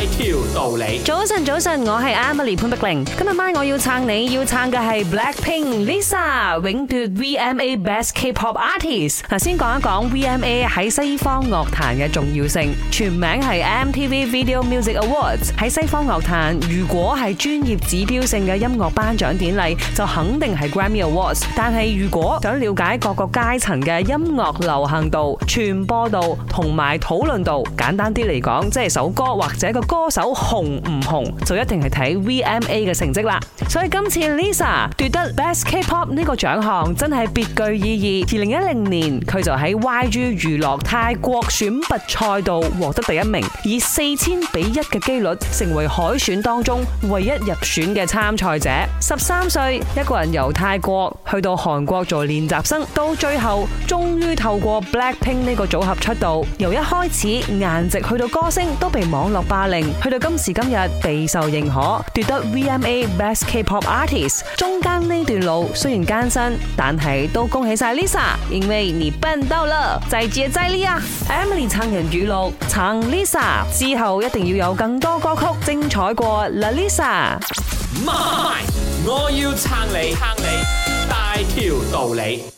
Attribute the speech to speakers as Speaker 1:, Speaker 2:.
Speaker 1: 一條道理。早
Speaker 2: 晨，早晨，我係 Emily 潘碧玲。今日晚我要撐你，要撐嘅係 Blackpink Lisa，永奪 VMA Best K-pop Artist。嗱，先講一講 VMA 喺西方樂壇嘅重要性。全名係 MTV Video Music Awards。喺西方樂壇，如果係專業指標性嘅音樂頒獎典禮，就肯定係 Grammy Awards。但係如果想了解各個階層嘅音樂流行度、傳播度同埋討論度，簡單啲嚟講，即係首歌或者個。歌手紅唔紅就一定係睇 VMA 嘅成績啦，所以今次 Lisa 奪得 Best K-Pop 呢個獎項真係別具意義。二零一零年佢就喺 YG 娛樂泰國選拔賽度獲得第一名以，以四千比一嘅機率成為海選當中唯一入選嘅參賽者13歲。十三歲一個人由泰國去到韓國做練習生，到最後終於透過 Blackpink 呢個組合出道。由一開始顏值去到歌聲，都被網絡霸凌。去到今時今日備受認可，奪得 VMA Best K-pop Artist。中間呢段路雖然艱辛，但係都恭喜晒 Lisa，因為你奮鬥啦，再接再厲啊！Emily 撐人語錄，撐 Lisa 之後一定要有更多歌曲精彩過 La Lisa。
Speaker 1: 媽咪，我要撐你，撐你大條道理。